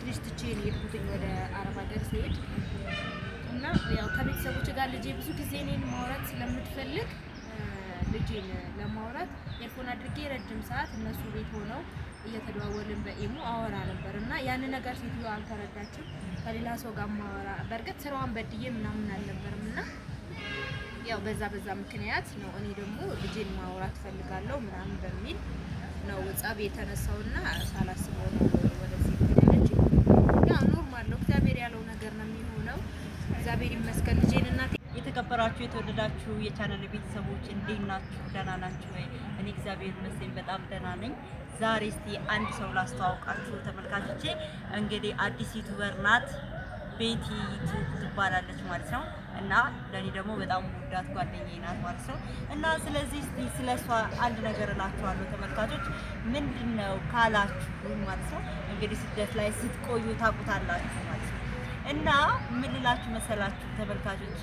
ትንሽ ትቼ የሄድኩትኝ ወደ አረብ ሀገር ሲሄድ እና ያው ከቤተሰቦች ጋር ልጄ ብዙ ጊዜ እኔን ማውራት ስለምትፈልግ ልጄን ለማውራት ኤርፎን አድርጌ ረጅም ሰዓት እነሱ ቤት ሆነው እየተደዋወልን በኢሞ አወራ ነበር እና ያን ነገር ሴትዮ አልተረዳችም። ከሌላ ሰው ጋር ማወራ በእርግጥ ስራዋን በድዬ ምናምን አልነበርም እና ያው በዛ በዛ ምክንያት ነው እኔ ደግሞ ልጄን ማውራት ፈልጋለሁ ምናምን በሚል ነው ጸብ የተነሳውና ሳላስበው ነው ያለው ነገር ነው የሚሆነው። እግዚአብሔር ይመስገን ልጄን እናቴ። የተከበራችሁ የተወደዳችሁ የቻናል ቤተሰቦች እንዴት ናችሁ? ደህና ናችሁ ወይ? እኔ እግዚአብሔር ይመስገን በጣም ደህና ነኝ። ዛሬ እስቲ አንድ ሰው ላስተዋውቃችሁ ተመልካቾቼ። እንግዲህ አዲስ ዩቱበር ናት ቤቲ ዩቱብ ትባላለች ማለት ነው እና ለእኔ ደግሞ በጣም ውዳት ጓደኛዬ ናት ማለት ነው። እና ስለዚህ እስቲ ስለ እሷ አንድ ነገር እላችኋለሁ ተመልካቾች፣ ምንድን ነው ካላችሁ ማለት ነው እንግዲህ ስደት ላይ ስትቆዩ ታውቁታላችሁ። እና የምልላችሁ መሰላችሁ ተመልካቾች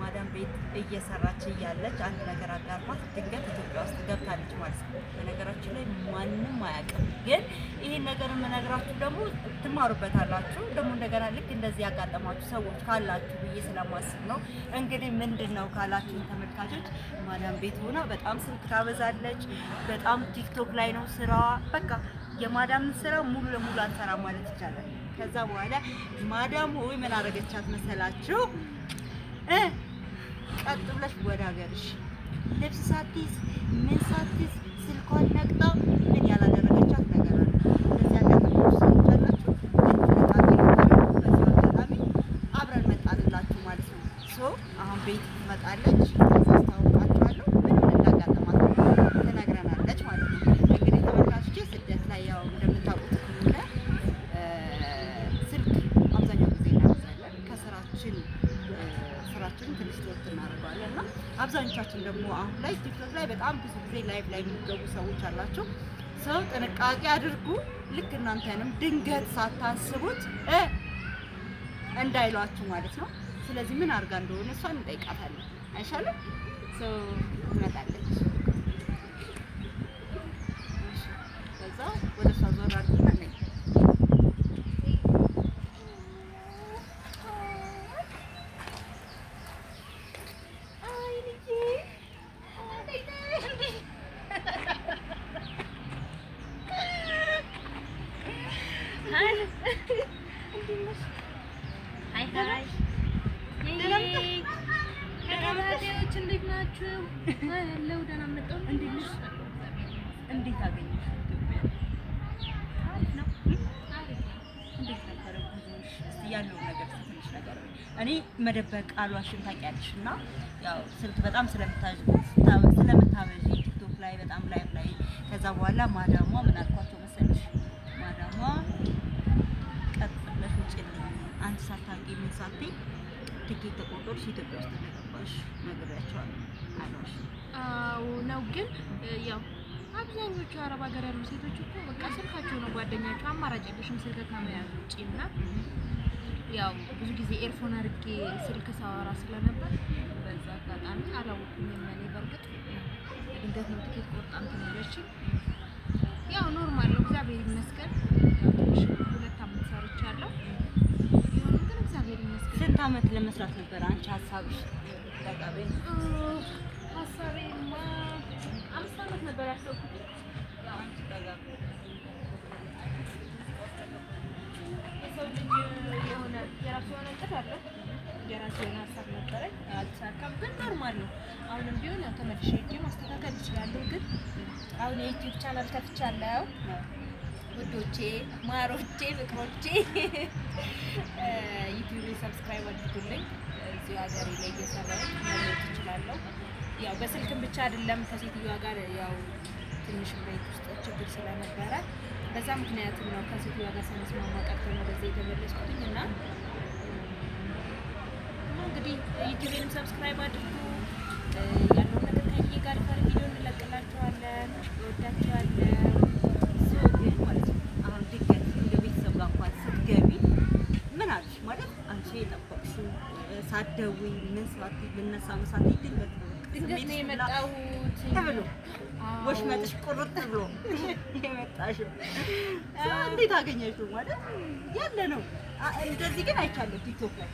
ማዳም ቤት እየሰራች እያለች አንድ ነገር አጋርማት ድንገት ኢትዮጵያ ውስጥ ገብታለች ማለት ነው። በነገራችን ላይ ማንም አያውቅም፣ ግን ይህን ነገር የምነግራችሁ ደግሞ ትማሩበታላችሁ። ደግሞ እንደገና ልክ እንደዚህ ያጋጠማችሁ ሰዎች ካላችሁ ብዬ ስለማስብ ነው። እንግዲህ ምንድን ነው ካላችሁ ተመልካቾች፣ ማዳም ቤት ሆና በጣም ስልክ ታበዛለች። በጣም ቲክቶክ ላይ ነው ስራዋ። በቃ የማዳምን ስራ ሙሉ ለሙሉ አትሰራ ማለት ይቻላል። ከዛ በኋላ ማዳሙ ወይ ምን አደረገቻት መሰላችሁ? ቀጥ ብለሽ ወደ ሀገርሽ ልብስ ሳትይዝ ምን ሳትይዝ ላይ በጣም ብዙ ጊዜ ላይቭ ላይ የሚገቡ ሰዎች አላቸው። ሰው ጥንቃቄ አድርጉ። ልክ እናንተንም ድንገት ሳታስቡት እንዳይሏችሁ ማለት ነው። ስለዚህ ምን አድርጋ እንደሆነ እሷን እንጠይቃታለን። አይሻልም? ትመጣለች። ከዛ ወደ እሷ ዞር ናችሁ? ያለው ደህና መጣሁ። እንዴት ነሽ? እንዴት አገኘሽ? አሪፍ ነው። እንዴት ነበረ ጉዞሽ? ያለው ነገር ትንሽ ነገር እኔ መደበቅ አልዋሽም ታውቂያለሽ። እና ያው ስልክ በጣም ስለምታበዥ ቲክቶክ ላይ በጣም ላይ ላይ ከዛ በኋላ ማዳሟ ምን አልኳቸው መሰለሽ? ማዳሟ ቀጥ ብለሽ ውጭልኝ አንቺ ሳታውቂ ምን ሳትይ ትኬት ተቆርጦልሽ ኢትዮጵያ ውስጥ አልዋሽ ነግሬያቸዋለሁ። አልዋሽ አዎ ነው። ግን ያው አብዛኞቹ አረብ ሀገር ያሉ ሴቶች እኮ በቃ ስልካቸው ነው ጓደኛቸው፣ አማራጭ የለሽም ስልክ ከመያዝ ውጪ እና ያው ብዙ ጊዜ ኤርፎን አድርጌ ስልክ ሳወራ ስለነበር በዛ አጋጣሚ አላወኩኝም። እኔ በእርግጥ ድንገት ነው ትኬት ቆርጣ እንትን ያለችኝ። ያው ኖርማል ነው፣ እግዚአብሔር ይመስገን። ሁለት አመት ሰርቻለሁ። ስንት አመት ለመስራት ነበር አንቺ ሀሳብሽ? ሀሳቤማ አምስት ዓመት ነበር የሆነ ሀሳብ ነበረኝ፣ አሁንም ቢሆን ያው ተመልሼ ማስተካከል ይችላለሁ። ግን አሁን የዩቲዩብ ቻናል ከፍቻለሁ ውዶቼ ማሮቼ ፍቅሮቼ ዩቲዩብን ሰብስክራይብ አድርጉልኝ። እዚሁ ሀገሬ ላይ እየሰራሁ ማግኘት እችላለሁ። ያው በስልክም ብቻ አይደለም ከሴትዮዋ ጋር ያው ትንሽ ቤት ውስጥ ችግር ስለነበረ በዛ ምክንያት ነው ከሴትዮዋ ጋር ሳንስማማ ቀርተን ነው የተመለስኩትኝ እና እንግዲህ ዩቲዩብንም ሰብስክራይብ አድርጉ። ያለውን ነገር ከዬ ጋር ፈር ቪዲዮ እንለቅላችኋለን። እወዳችኋለን። ሳትደርሺ ሳትደውይ ምን ሰዓት ልነሳ ነው ሳትይ ድንገት ድንገት የመጣሁት ተብሎ ወሽመጥሽ ቁርጥ ብሎ የመጣሽው እንዴት አገኘሽው? ማለት ያለ ነው። እንደዚህ ግን አይቻለሁ ቲክቶክ ላይ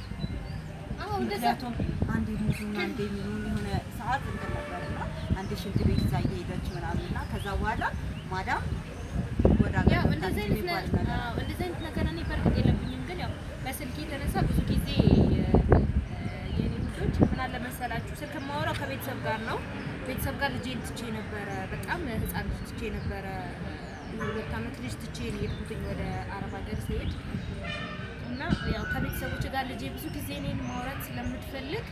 ምክንያቱም አንዴ ሙዙን አንዴ ሚሉን የሆነ ሰዓት እንትን አንዴ ሽንት ቤት እዛ እየሄደች ምናምን እና ከዛ በኋላ ማዳም ወደ እንደዚህ አይነት ነገር እኔ በእርግጥ የለም ከስልክ የተነሳ ብዙ ጊዜ የኔ ልጆች ምን አለ መሰላችሁ ስልክ የማወራው ከቤተሰብ ጋር ነው። ቤተሰብ ጋር ልጄን ትቼ ነበረ፣ በጣም ህፃን ልጅ ትቼ ነበረ። ሁለት ዓመት ልጅ ትቼ የሄድኩትኝ ወደ አረብ ሀገር ስሄድ እና ያው ከቤተሰቦች ጋር ልጄ ብዙ ጊዜ እኔን ማውራት ስለምትፈልግ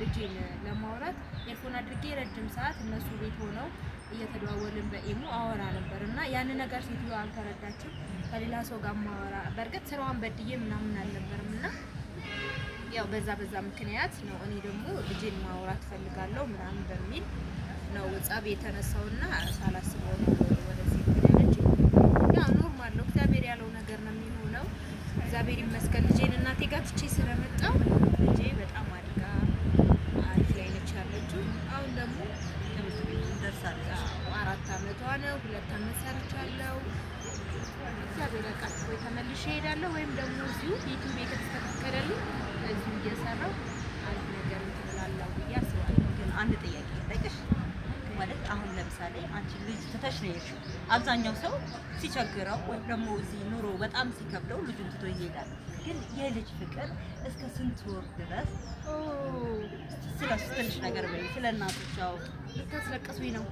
ልጄን ለማውራት ኤርፎን አድርጌ ረጅም ሰዓት እነሱ ቤት ሆነው እየተደዋወልን በኢሙ አወራ ነበር እና ያን ነገር ሴትዮዋ አልተረዳችም። ከሌላ ሰው ጋር ማወራ በእርግጥ ስራዋን በድዬ ምናምን አልነበርም እና ያው በዛ በዛ ምክንያት ነው እኔ ደግሞ ልጄን ማውራት ፈልጋለሁ ምናምን በሚል ነው የተነሳው የተነሳውና ሳላስበው ነው ይበቃችሁ ወይ ተመልሼ እሄዳለሁ ወይም ደግሞ እዚሁ ዩቲዩብ የተስተካከለልኝ እዚሁ እየሰራሁ አንድ ነገር ትብላለሁ ብዬ አስባለሁ። ግን አንድ ጥያቄ ልጠይቅሽ። ማለት አሁን ለምሳሌ አንቺ ልጅ ትተሽ ነው የሄድሽው። አብዛኛው ሰው ሲቸግረው ወይም ደግሞ እዚህ ኑሮ በጣም ሲከብደው ልጁን ትቶ ይሄዳል። ግን የልጅ ፍቅር እስከ ስንት ወር ድረስ? ስለሱ ትንሽ ነገር በይ፣ ስለ እናቶቻው ልታስለቅሱኝ ነው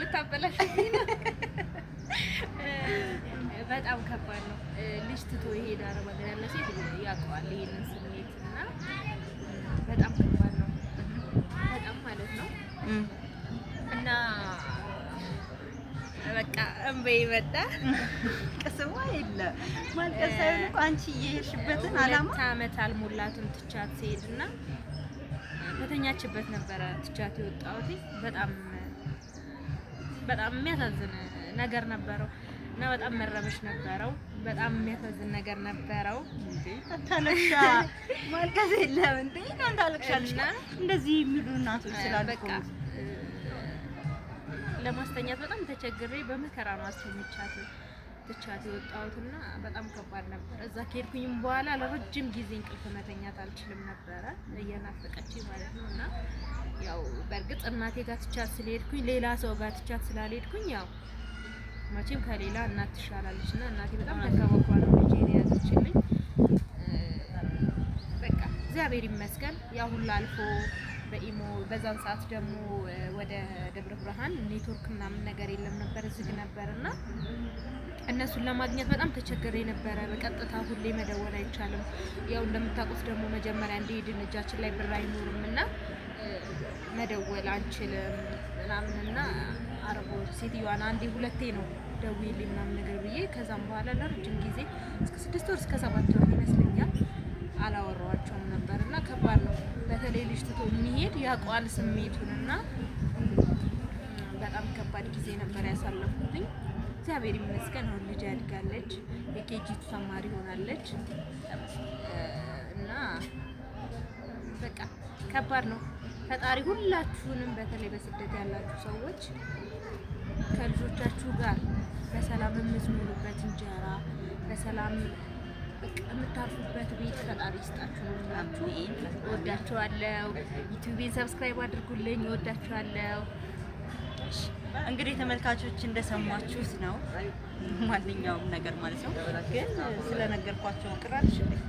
ልታበላሽ በጣም ከባድ ነው። ልጅ ትቶ ይሄድ አረብ ሀገር ያለ ሴት ያውቀዋል ይሄንን ስሜት እና በጣም ከባድ ነው። በጣም ማለት ነው እና ቀን በይ መጣ ቅስሟ የለ ማልቀስ እኮ አንቺ እየሄድሽበትን አላማ ሁለት ዓመት አልሞላትም ትቻት ሲሄድና በተኛችበት ነበረ ትቻት የወጣሁት። በጣም በጣም የሚያሳዝን ነገር ነበረው እና በጣም መረበሽ ነበረው። በጣም የሚያሳዝን ነገር ነበረው። አታለቅሻ ማልቀስ የለም እንዴ እንዳልቅሻልና እንደዚህ የሚሉ እናቶች ስላልኩ ለማስተኛት በጣም ተቸግሬ በመከራ ነው አስተኝቻት ትቻት የወጣሁትና በጣም ከባድ ነበር። እዛ ከሄድኩኝም በኋላ ለረጅም ጊዜ እንቅልፍ መተኛት አልችልም ነበረ እየናፈቀችኝ ማለት ነው። እና ያው በእርግጥ እናቴ ጋር ትቻት ስለሄድኩኝ ሌላ ሰው ጋር ትቻት ስላልሄድኩኝ ያው መቼም ከሌላ እናት ትሻላለች እና እናቴ በጣም ተከባኳ ነው ልጄ የያዘችልኝ። በቃ እግዚአብሔር ይመስገን ያ ሁሉ አልፎ በኢሞ በዛን ሰዓት ደግሞ ወደ ደብረ ብርሃን ኔትወርክ ምናምን ነገር የለም ነበር፣ ዝግ ነበር እና እነሱን ለማግኘት በጣም ተቸገረ የነበረ። በቀጥታ ሁሌ መደወል አይቻልም። ያው እንደምታውቁት ደግሞ መጀመሪያ እንደሄድን እጃችን ላይ ብር አይኖርም እና መደወል አንችልም ምናምን እና አረቦ ሴትዮዋን አንዴ ሁለቴ ነው ደውዬልኝ ምናምን ነገር ብዬ ከዛም በኋላ ለረጅም ጊዜ እስከ ስድስት ወር እስከ ሰባት ወር ይመስለኛል አላወሯቸውም ነበር እና ከባድ ነው። በተለይ ልጅ ትቶ የሚሄድ ያቋል ስሜቱን እና በጣም ከባድ ጊዜ ነበር ያሳለፉትኝ። እግዚአብሔር ይመስገን አሁን ልጅ ያድጋለች፣ የኬጂ ተማሪ ሆናለች እና በቃ ከባድ ነው። ፈጣሪ ሁላችሁንም በተለይ በስደት ያላችሁ ሰዎች ከልጆቻችሁ ጋር በሰላም የምትኖሩበት እንጀራ በሰላም የምታርፉበት ቤት ፈጣሪ ይስጣችሁ ነው ምላችሁ። እወዳችኋለሁ። ዩቲዩቤን ሰብስክራይብ አድርጉልኝ። እወዳችኋለሁ። እንግዲህ ተመልካቾች እንደሰማችሁት ነው ማንኛውም ነገር ማለት ነው። ግን ስለነገርኳቸው ቅር አልሽልኝ